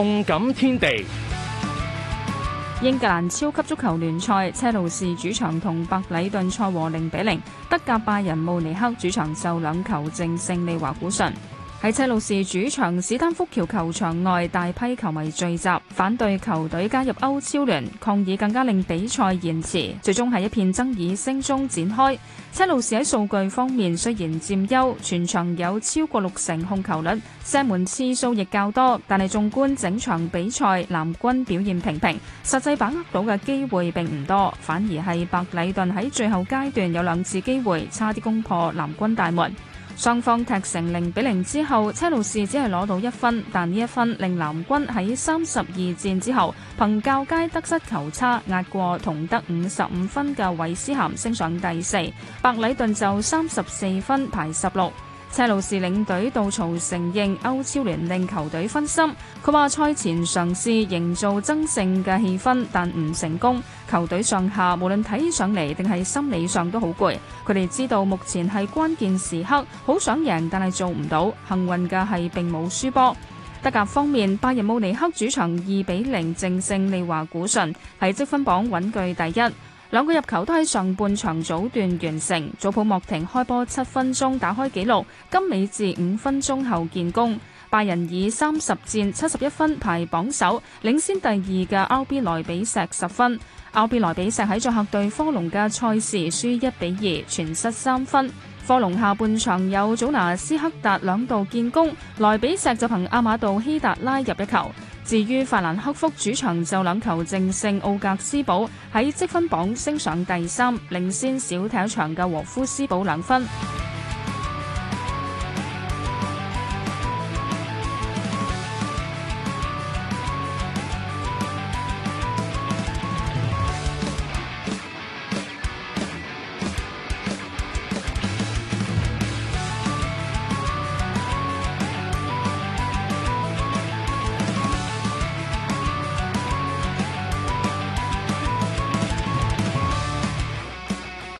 動感天地，英格蘭超級足球聯賽，車路士主場同白禮頓賽和零比零，德甲拜仁慕尼黑主場就兩球淨勝利華古遜。喺車路士主場史丹福橋球場外，大批球迷聚集，反對球隊加入歐超聯，抗議更加令比賽延遲，最終喺一片爭議聲中展開。車路士喺數據方面雖然佔優，全場有超過六成控球率，射門次數亦較多，但係縱觀整場比賽，藍軍表現平平，實際把握到嘅機會並唔多，反而係白禮頓喺最後階段有兩次機會，差啲攻破藍軍大門。雙方踢成零比零之後，車路士只係攞到一分，但呢一分令藍軍喺三十二戰之後憑較佳得失球差壓過同得五十五分嘅韋斯咸，升上第四。白禮頓就三十四分排十六。車路士領隊杜曹承認歐超聯令球隊分心，佢話賽前嘗試營造爭勝嘅氣氛，但唔成功。球隊上下無論睇起上嚟定係心理上都好攰，佢哋知道目前係關鍵時刻，好想贏但係做唔到。幸運嘅係並冇輸波。德甲方面，拜仁慕尼黑主場二比零淨勝利華古遜，喺積分榜穩居第一。兩個入球都喺上半場早段完成，祖普莫廷開波七分鐘打開紀錄，金美治五分鐘後建功。拜仁以三十戰七十一分排榜首，領先第二嘅 RB 萊比錫十分。RB 萊比錫喺作客對科隆嘅賽事輸一比二，全失三分。科隆下半場有祖拿斯克達兩度建功，萊比錫就憑阿馬杜希達拉入一球。至於法蘭克福主場就兩球淨勝奧格斯堡，喺積分榜升上第三，領先少踢場嘅禾夫斯堡兩分。